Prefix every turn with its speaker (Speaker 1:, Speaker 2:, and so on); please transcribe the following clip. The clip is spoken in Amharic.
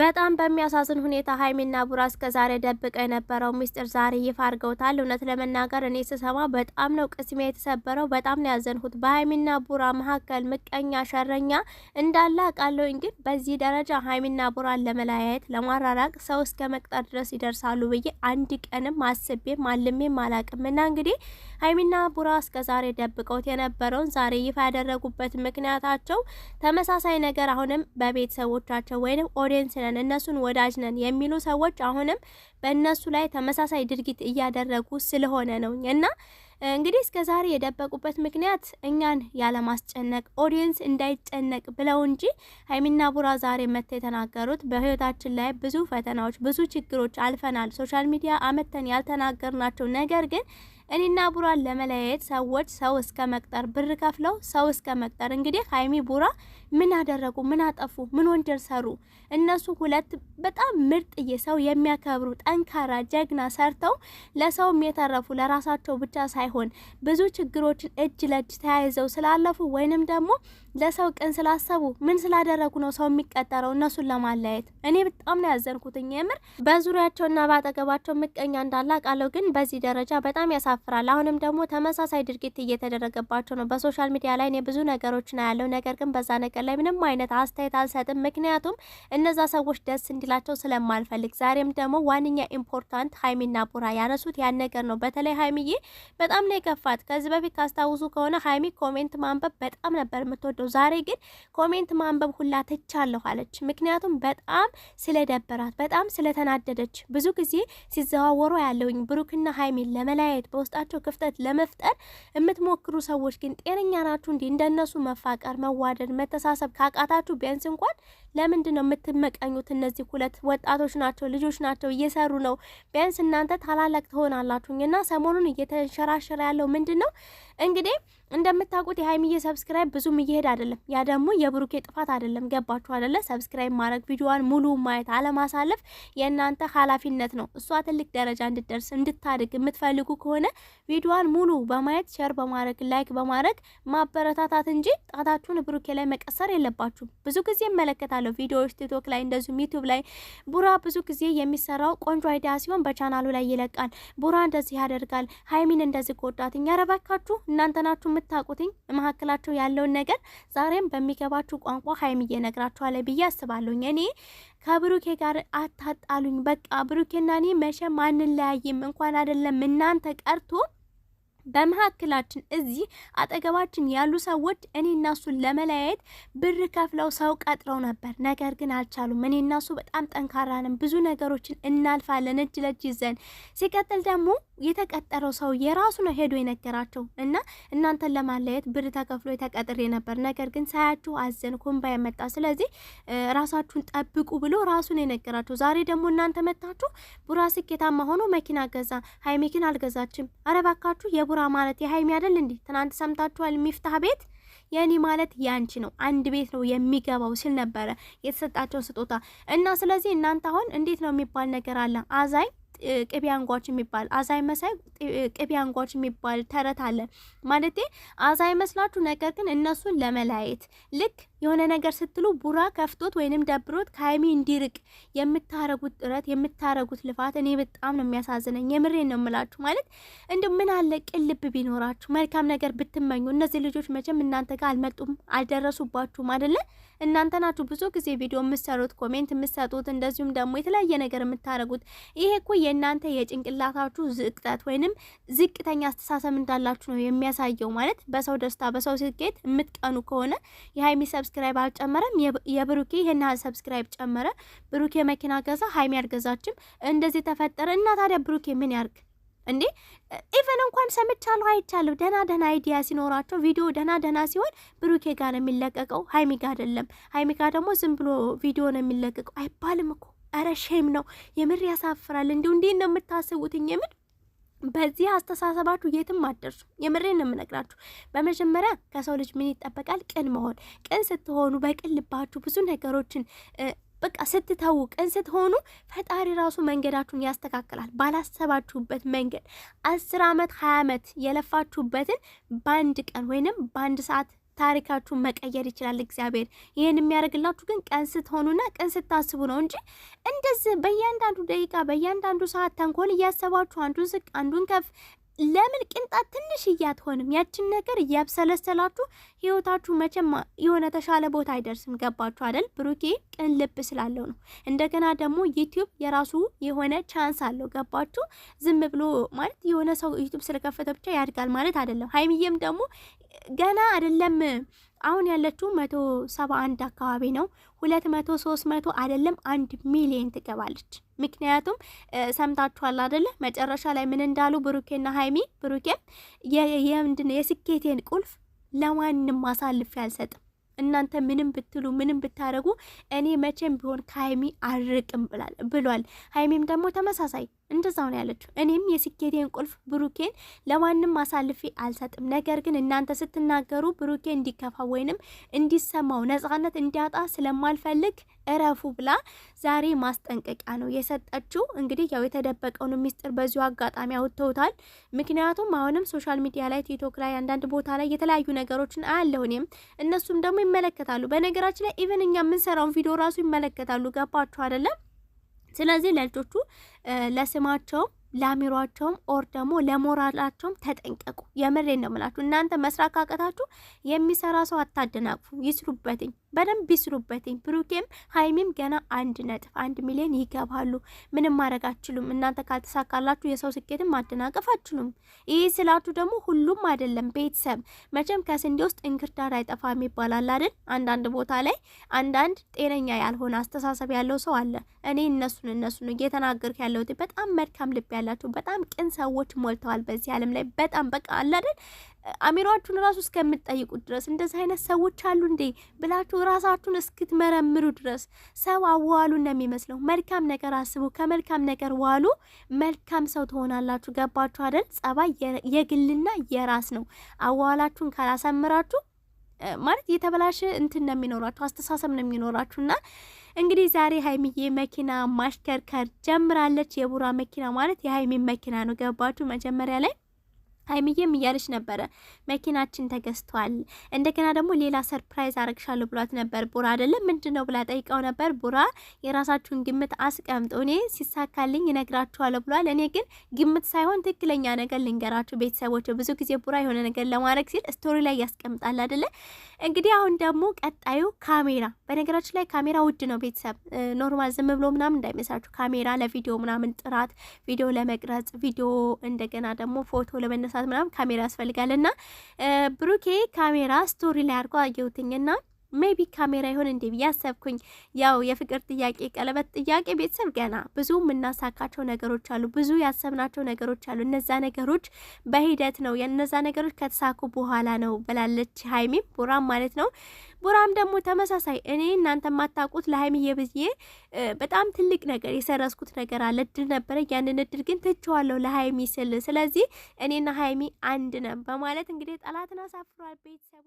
Speaker 1: በጣም በሚያሳዝን ሁኔታ ሀይሚና ቡራ እስከ ዛሬ ደብቀ የነበረው ሚስጥር ዛሬ ይፋ አድርገውታል። እውነት ለመናገር እኔ ስሰማ በጣም ነው ቅስሜ የተሰበረው። በጣም ነው ያዘንሁት። በሀይሚና ቡራ መካከል ምቀኛ፣ ሸረኛ እንዳለ አውቃለሁ። ግን በዚህ ደረጃ ሀይሚና ቡራን ለመለያየት ለማራራቅ ሰው እስከ መቅጠር ድረስ ይደርሳሉ ብዬ አንድ ቀንም አስቤ አልሜም አላቅም። እና እንግዲህ ሀይሚና ቡራ እስከ ዛሬ ደብቀውት የነበረውን ዛሬ ይፋ ያደረጉበት ምክንያታቸው ተመሳሳይ ነገር አሁንም በቤተሰቦቻቸው ወይም ኦዲየንስ ነን፣ እነሱን ወዳጅ ነን የሚሉ ሰዎች አሁንም በእነሱ ላይ ተመሳሳይ ድርጊት እያደረጉ ስለሆነ ነው እና እንግዲህ እስከ ዛሬ የደበቁበት ምክንያት እኛን ያለማስጨነቅ ኦዲየንስ እንዳይጨነቅ ብለው እንጂ ሀይሚና ቡራ ዛሬ መተ የተናገሩት በህይወታችን ላይ ብዙ ፈተናዎች፣ ብዙ ችግሮች አልፈናል። ሶሻል ሚዲያ አመተን ያልተናገርናቸው ነገር ግን እኔና ቡራን ለመለያየት ሰዎች ሰው እስከ መቅጠር ብር ከፍለው ሰው እስከ መቅጠር። እንግዲህ ሀይሚ ቡራ ምን አደረጉ? ምን አጠፉ? ምን ወንጀል ሰሩ? እነሱ ሁለት በጣም ምርጥዬ ሰው የሚያከብሩ ጠንካራ ጀግና ሰርተው ለሰውም የተረፉ ለራሳቸው ብቻ ሳይ ሳይሆን ብዙ ችግሮችን እጅ ለእጅ ተያይዘው ስላለፉ ወይንም ደግሞ ለሰው ቅን ስላሰቡ ምን ስላደረጉ ነው ሰው የሚቀጠረው እነሱን ለማለያየት? እኔ በጣም ነው ያዘንኩትኝ። የምር በዙሪያቸውና በአጠገባቸው ምቀኛ እንዳለ አውቃለሁ፣ ግን በዚህ ደረጃ በጣም ያሳፍራል። አሁንም ደግሞ ተመሳሳይ ድርጊት እየተደረገባቸው ነው። በሶሻል ሚዲያ ላይ እኔ ብዙ ነገሮችን አያለው፣ ነገር ግን በዛ ነገር ላይ ምንም አይነት አስተያየት አልሰጥም፣ ምክንያቱም እነዛ ሰዎች ደስ እንዲላቸው ስለማልፈልግ። ዛሬም ደግሞ ዋነኛ ኢምፖርታንት ሀይሚና ቡራ ያነሱት ያን ነገር ነው። በተለይ ሀይሚዬ በጣም በጣም ነው የከፋት። ከዚህ በፊት ካስታውሱ ከሆነ ሀይሚ ኮሜንት ማንበብ በጣም ነበር የምትወደው። ዛሬ ግን ኮሜንት ማንበብ ሁላ ትቻለሁ አለች። ምክንያቱም በጣም ስለደበራት፣ በጣም ስለተናደደች። ብዙ ጊዜ ሲዘዋወሩ ያለውኝ ብሩክና ሀይሚን ለመለያየት በውስጣቸው ክፍተት ለመፍጠር የምትሞክሩ ሰዎች ግን ጤነኛ ናችሁ? እንደነሱ መፋቀር፣ መዋደድ፣ መተሳሰብ ካቃታችሁ ቢያንስ እንኳን ለምንድን ነው የምትመቀኙት? እነዚህ ሁለት ወጣቶች ናቸው፣ ልጆች ናቸው፣ እየሰሩ ነው። ቢያንስ እናንተ ታላላቅ ትሆናላችሁኝ። እና ሰሞኑን እየተንሸራሸረ ያለው ምንድን ነው እንግዲህ እንደምታውቁት የሀይሚዬ ሰብስክራይብ ብዙም እየሄድ አይደለም። ያ ደግሞ የብሩኬ ጥፋት አይደለም። ገባችሁ አይደለ? ሰብስክራይብ ማድረግ ቪዲዮዋን ሙሉ ማየት አለማሳለፍ የእናንተ ኃላፊነት ነው። እሷ ትልቅ ደረጃ እንድደርስ እንድታድግ የምትፈልጉ ከሆነ ቪዲዮዋን ሙሉ በማየት ሼር በማድረግ ላይክ በማድረግ ማበረታታት እንጂ ጣታችሁን ብሩኬ ላይ መቀሰር የለባችሁም። ብዙ ጊዜ ይመለከታል። አይቻለሁ። ቪዲዮዎች ቲክቶክ ላይ እንደዚሁም ዩቲዩብ ላይ ቡራ ብዙ ጊዜ የሚሰራው ቆንጆ አይዲያ ሲሆን በቻናሉ ላይ ይለቃል። ቡራ እንደዚህ ያደርጋል፣ ሀይሚን እንደዚህ ጎዳትኝ። ኧረ እናንተ ናችሁ የምታውቁትኝ መካከላችሁ ያለውን ነገር። ዛሬም በሚገባችሁ ቋንቋ ሀይሚ ነግራችኋለሁ ብዬ አስባለሁኝ። እኔ ከብሩኬ ጋር አታጣሉኝ። በቃ ብሩኬና እኔ መቼም አንለያይም። እንኳን አይደለም እናንተ ቀርቶ በመካከላችን እዚህ አጠገባችን ያሉ ሰዎች እኔ እናሱን እሱን ለመለያየት ብር ከፍለው ሰው ቀጥረው ነበር። ነገር ግን አልቻሉም። እኔ እናሱ በጣም ጠንካራ ነን፣ ብዙ ነገሮችን እናልፋለን እጅ ለእጅ ይዘን። ሲቀጥል ደግሞ የተቀጠረው ሰው የራሱ ነው ሄዶ የነገራቸው እና እናንተን ለማለየት ብር ተከፍሎ ተቀጥሬ ነበር፣ ነገር ግን ሳያችሁ አዘን ኮምባ የመጣ ስለዚህ ራሳችሁን ጠብቁ ብሎ ራሱን የነገራቸው። ዛሬ ደግሞ እናንተ መታችሁ ቡራ ስኬታማ ሆኖ መኪና ገዛ፣ ሀይ መኪና አልገዛችም። አረ ባካችሁ የቡራ ማለት የሀይሚ አይደል እንዴ? ትናንት ሰምታችኋል። የሚፍታህ ቤት የኔ ማለት ያንቺ ነው፣ አንድ ቤት ነው የሚገባው ሲል ነበረ የተሰጣቸውን ስጦታ እና ስለዚህ እናንተ አሁን እንዴት ነው የሚባል ነገር አለ አዛኝ ቅቤ አንጓች የሚባል አዛይ መሳይ ቅቤ የሚባል ተረት አለ። ማለቴ አዛይ መስላችሁ ነገር ግን እነሱን ለመለያየት ልክ የሆነ ነገር ስትሉ ቡራ ከፍቶት ወይንም ደብሮት ከሀይሚ እንዲርቅ የምታረጉት ጥረት የምታረጉት ልፋት እኔ በጣም ነው የሚያሳዝነኝ። የምሬን ነው የምላችሁ። ማለት እንዲ ምን አለ ቅን ልብ ቢኖራችሁ መልካም ነገር ብትመኙ። እነዚህ ልጆች መቼም እናንተ ጋር አልመጡም፣ አልደረሱባችሁም አይደለ? እናንተ ናችሁ ብዙ ጊዜ ቪዲዮ የምትሰሩት፣ ኮሜንት የምትሰጡት፣ እንደዚሁም ደግሞ የተለያየ ነገር የምታደረጉት ይሄ እኮ የእናንተ የጭንቅላታችሁ ዝቅጠት ወይንም ዝቅተኛ አስተሳሰብ እንዳላችሁ ነው የሚያሳየው። ማለት በሰው ደስታ፣ በሰው ስኬት የምትቀኑ ከሆነ የሀይሚ ሰብስ ሰብስክራይብ አልጨመረም። የብሩኬ ይህን ያህል ሰብስክራይብ ጨመረ። ብሩኬ መኪና ገዛ፣ ሀይሚ አልገዛችም። እንደዚህ ተፈጠረ እና ታዲያ ብሩኬ ምን ያርግ እንዴ? ኢቨን እንኳን ሰምቻለሁ፣ አይቻለሁ። ደህና ደህና አይዲያ ሲኖራቸው ቪዲዮ ደህና ደህና ሲሆን ብሩኬ ጋር ነው የሚለቀቀው፣ ሀይሚ ጋር አይደለም። ሀይሚ ጋር ደግሞ ዝም ብሎ ቪዲዮ ነው የሚለቀቀው አይባልም እኮ ኧረ ሼም ነው የምር ያሳፍራል። እንዲሁ እንዴት ነው የምታስቡትኝ የምር በዚህ አስተሳሰባችሁ የትም አደርሱ። የምሬን ነው የምነግራችሁ። በመጀመሪያ ከሰው ልጅ ምን ይጠበቃል? ቅን መሆን። ቅን ስትሆኑ በቅን ልባችሁ ብዙ ነገሮችን በቃ ስትተዉ፣ ቅን ስትሆኑ ፈጣሪ ራሱ መንገዳችሁን ያስተካክላል። ባላሰባችሁበት መንገድ አስር አመት ሀያ አመት የለፋችሁበትን በአንድ ቀን ወይንም በአንድ ሰዓት ታሪካችሁን መቀየር ይችላል እግዚአብሔር። ይህን የሚያደርግላችሁ ግን ቀን ስትሆኑና ቀን ስታስቡ ነው እንጂ እንደዚህ በእያንዳንዱ ደቂቃ በእያንዳንዱ ሰዓት ተንኮል እያሰባችሁ አንዱን ዝቅ አንዱን ከፍ ለምን ቅንጣት ትንሽ እያትሆንም ያችን ነገር እያብሰለሰላችሁ ህይወታችሁ መቼም የሆነ ተሻለ ቦታ አይደርስም። ገባችሁ አይደል? ብሩኬ ቅን ልብ ስላለው ነው። እንደገና ደግሞ ዩቲዩብ የራሱ የሆነ ቻንስ አለው። ገባችሁ? ዝም ብሎ ማለት የሆነ ሰው ዩቲዩብ ስለከፈተ ብቻ ያድጋል ማለት አይደለም። ሀይሚዬም ደግሞ ገና አይደለም አሁን ያለችው መቶ ሰባ አንድ አካባቢ ነው። ሁለት መቶ ሶስት መቶ አይደለም አንድ ሚሊዮን ትገባለች። ምክንያቱም ሰምታችኋል አይደለ መጨረሻ ላይ ምን እንዳሉ ብሩኬና ሀይሚ ብሩኬ የምንድን የስኬቴን ቁልፍ ለማንም አሳልፌ አልሰጥም። እናንተ ምንም ብትሉ ምንም ብታደርጉ እኔ መቼም ቢሆን ከሀይሚ አርቅም ብሏል። ሀይሚም ደግሞ ተመሳሳይ እንደዛው ነው ያለችው። እኔም የስኬቴን ቁልፍ ብሩኬን ለማንም አሳልፌ አልሰጥም። ነገር ግን እናንተ ስትናገሩ ብሩኬ እንዲከፋ ወይንም እንዲሰማው ነጻነት እንዲያጣ ስለማልፈልግ እረፉ ብላ ዛሬ ማስጠንቀቂያ ነው የሰጠችው። እንግዲህ ያው የተደበቀውን ሚስጥር በዚሁ አጋጣሚ አውጥተውታል። ምክንያቱም አሁንም ሶሻል ሚዲያ ላይ ቲክቶክ ላይ አንዳንድ ቦታ ላይ የተለያዩ ነገሮችን አያለሁ እኔም፣ እነሱም ደግሞ ይመለከታሉ። በነገራችን ላይ ኢቨን እኛ የምንሰራውን ቪዲዮ ራሱ ይመለከታሉ። ገባችሁ አይደለም? ስለዚህ ለልጆቹ ለስማቸውም ለአሚሯቸውም ኦር ደግሞ ለሞራላቸውም ተጠንቀቁ። የምሬ ነው ምላችሁ። እናንተ መስራት ካቀታችሁ የሚሰራ ሰው አታደናቅፉ፣ ይስሩበትኝ። በደንብ ይስሩበትኝ። ብሩኬም ሀይሚም ገና አንድ ነጥብ አንድ ሚሊዮን ይገባሉ። ምንም ማድረግ አችሉም። እናንተ ካልተሳካላችሁ የሰው ስኬትን ማደናቀፍ አችሉም። ይህ ስላችሁ ደግሞ ሁሉም አይደለም። ቤተሰብ መቼም ከስንዴ ውስጥ እንክርዳድ አይጠፋም ይባላል አይደል? አንዳንድ ቦታ ላይ አንዳንድ ጤነኛ ያልሆነ አስተሳሰብ ያለው ሰው አለ። እኔ እነሱን እነሱን እየተናገርኩ ያለሁት በጣም መልካም ልብ ያላቸው በጣም ቅን ሰዎች ሞልተዋል በዚህ ዓለም ላይ በጣም በቃ አለ አይደል አሚሯችሁን ራሱ እስከምትጠይቁት ድረስ እንደዚህ አይነት ሰዎች አሉ እንዴ ብላችሁ ራሳችሁን እስክትመረምሩ ድረስ ሰው አዋሉ እንደሚመስለው መልካም ነገር አስቡ፣ ከመልካም ነገር ዋሉ፣ መልካም ሰው ትሆናላችሁ። ገባችሁ አይደል? ጸባይ የግልና የራስ ነው። አዋላችሁን ካላሰምራችሁ ማለት የተበላሸ እንትን ነው የሚኖራችሁ፣ አስተሳሰብ ነው የሚኖራችሁና እንግዲህ ዛሬ ሀይሚዬ መኪና ማሽከርከር ጀምራለች። የቡራ መኪና ማለት የሀይሚን መኪና ነው። ገባችሁ መጀመሪያ ላይ ሀይሚዬም እያለች ነበረ መኪናችን ተገዝቷል፣ እንደገና ደግሞ ሌላ ሰርፕራይዝ አረግሻለሁ ብሏት ነበር ቡራ አይደለም ምንድን ነው ብላ ጠይቀው ነበር። ቡራ የራሳችሁን ግምት አስቀምጡ፣ እኔ ሲሳካልኝ ይነግራችኋለሁ ብሏል። እኔ ግን ግምት ሳይሆን ትክክለኛ ነገር ልንገራችሁ ቤተሰቦች። ብዙ ጊዜ ቡራ የሆነ ነገር ለማድረግ ሲል ስቶሪ ላይ ያስቀምጣል አይደለ? እንግዲህ አሁን ደግሞ ቀጣዩ ካሜራ። በነገራችን ላይ ካሜራ ውድ ነው ቤተሰብ፣ ኖርማል ዝም ብሎ ምናምን እንዳይመስላችሁ። ካሜራ ለቪዲዮ ምናምን ጥራት፣ ቪዲዮ ለመቅረጽ ቪዲዮ እንደገና ደግሞ ፎቶ ለመነሳ ለማንሳት ምናምን ካሜራ ያስፈልጋል እና ብሩኬ ካሜራ ስቶሪ ላይ አድርጎ አየሁትኝና ሜቢ ካሜራ ይሆን እንዲህ ብዬ አሰብኩኝ። ያው የፍቅር ጥያቄ፣ ቀለበት ጥያቄ ቤተሰብ ገና ብዙ የምናሳካቸው ነገሮች አሉ፣ ብዙ ያሰብናቸው ነገሮች አሉ። እነዛ ነገሮች በሂደት ነው፣ የነዛ ነገሮች ከተሳኩ በኋላ ነው ብላለች ሀይሚም ቡራም ማለት ነው። ቡራም ደግሞ ተመሳሳይ እኔ እናንተ የማታውቁት ለሀይሚዬ ብዬ በጣም ትልቅ ነገር የሰረስኩት ነገር አለ፣ እድል ነበረ። ያንን እድል ግን ትቼዋለሁ ለሀይሚ ስል ስለዚህ እኔና ሀይሚ አንድ ነን በማለት እንግዲህ ጠላትን አሳፍሯል ቤተሰቡ